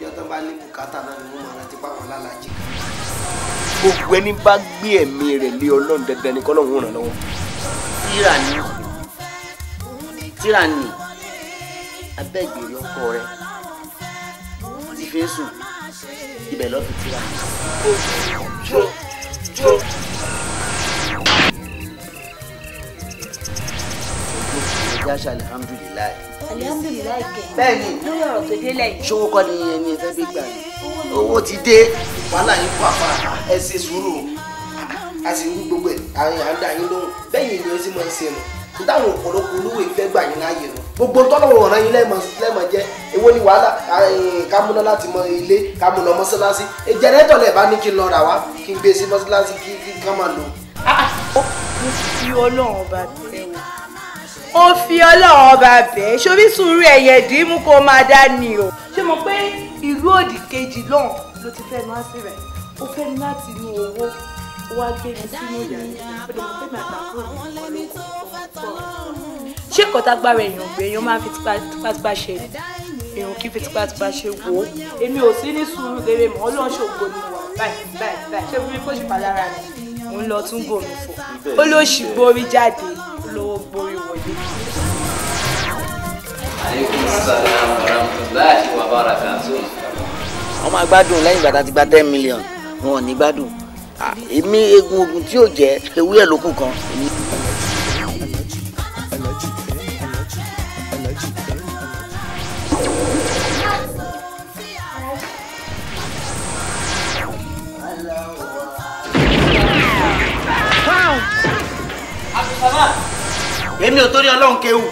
ìjọ tó bá ní bùkátà náà ni wọ́n máa rántí páwọn lálàjì kan. gbogbo ẹni bá gbé ẹ̀mí rẹ̀ lé ọlọ́run dandan ni kọ́lọ́run ràn lọ́wọ́. tíra ni tíra ni abẹ́gbèrè ọkọ rẹ ti ibẹ̀ lọ́ fi tíra ni. ẹja ṣe alihamudulilayi. alihamudulilayi kẹ. bẹ́ẹ̀ni lórí ọ̀rọ̀ tó délẹ̀ yìí. ṣòwò kọ́ ni ẹni ẹ fẹ́ bí gbà ní. owó ti dé wàhálà yìí kó àfa ẹ ṣe sùúrù a sì rú gbogbo ẹ àwọn yàrá dá yín lóhùn bẹ́ẹ̀ni ènìyàn sì máa ń ṣe nù nítawọn ọ̀pọ̀lọpọ̀ olówó ìfẹ́ gbà yín láàyè nù gbogbo tọ́lọ́wọ̀ ọ̀ràn yín lẹ́ẹ̀mọ̀ jẹ́ èwo ni wàhálà kámúná láti mọ ilé kámúná mọ́ṣáláṣí jẹnẹtọ̀ lẹ̀ bá ní kí n lọ rà wá kí n gbé e sí mọ́ṣáláṣí kí ká máa lò. Ah, ah. ó ti fi ọlọ́run bá bẹ̀rẹ̀ wò ó fi ọlọ́run ọba bẹ́ẹ̀ ṣorí sùúrù ẹ̀yẹ dìímú kó máa dá ni o. ṣé mo pé ìlú òdì kejì náà ló ti fẹ́ máa sí rẹ̀ ó fẹ́ ní láti inú owó wá gbé mi sínú ìyá rẹ̀ ó lè mọ pé màá gbàgbọ́ mi ṣé kọ́tà gbára èèyàn gbé èèyàn máa fi tipátipá ṣe èèyàn kí fi tipátipá ṣe wò ó èmi ò sí ní sùúrù lérè mọ́ ọlọ́run ṣògo ni wà báyìí báyìí báyìí ṣé fún mi kó ṣùpá lára rẹ̀ mo ń lọ tún bòmí fò ó lóṣì borí jáde lówó borí wọlé. aleykum salaam lẹ́yìn ìgbà a ti gba ten million wọn ò ní gbádùn èmi eegun ogun tí yóò jẹ ewé ẹ̀ lókun kan. èmi ò torí ọlọ́run kéwù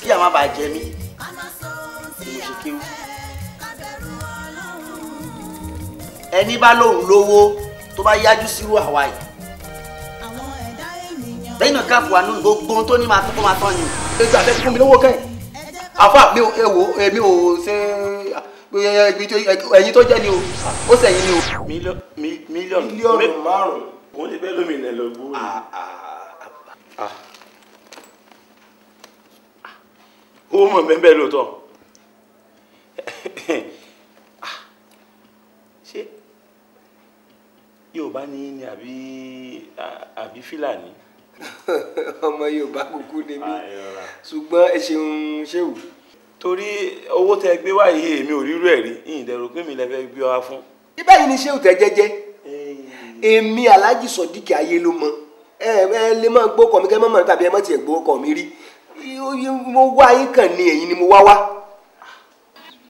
kí àwọn bàá jẹ mí ni mo ṣe kéwù ẹni bá lóun lówó tó bá yájú sírú àwa yìí lẹ́yìn náà káfù wa nínú gbogbo ohun tó ní máa tó kó máa tán yìí. ètò àtẹ́sí fún mi lówó kẹ́ àfa mi ò ewo èmi ò ṣe ẹyin tó jẹ́ ni o ó sẹ̀yìn ni o. mílíọ̀nù márùn-ún kò ń ṣe bẹ́ẹ̀ lómi ìnà lọ gbúrò. Ah, ah, ah, ó mọ̀ bẹ́ẹ̀ lóòótọ́ ṣé yorùbá ní ní àbí àbí fílàní. ọmọ yorùbá kúkú ni mí ṣùgbọ́n ẹ ṣeun ṣéwù. torí owó tẹ gbé wáyé èmi ò rírú ẹ̀ rí ìyìn dẹ̀rù pé mi lè fẹ́ gbé ọ wá fún. bí báyìí ni ṣéwù tẹ jẹ́jẹ́. èmi alájì sọdíkì ayé ló mọ ẹ ẹ lè máa gbókọ mi kẹ mọ mọ tàbí ẹ gbókọ mi rí mo wá yín kàn ní ẹ̀yin ni mo